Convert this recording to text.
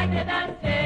like to dance.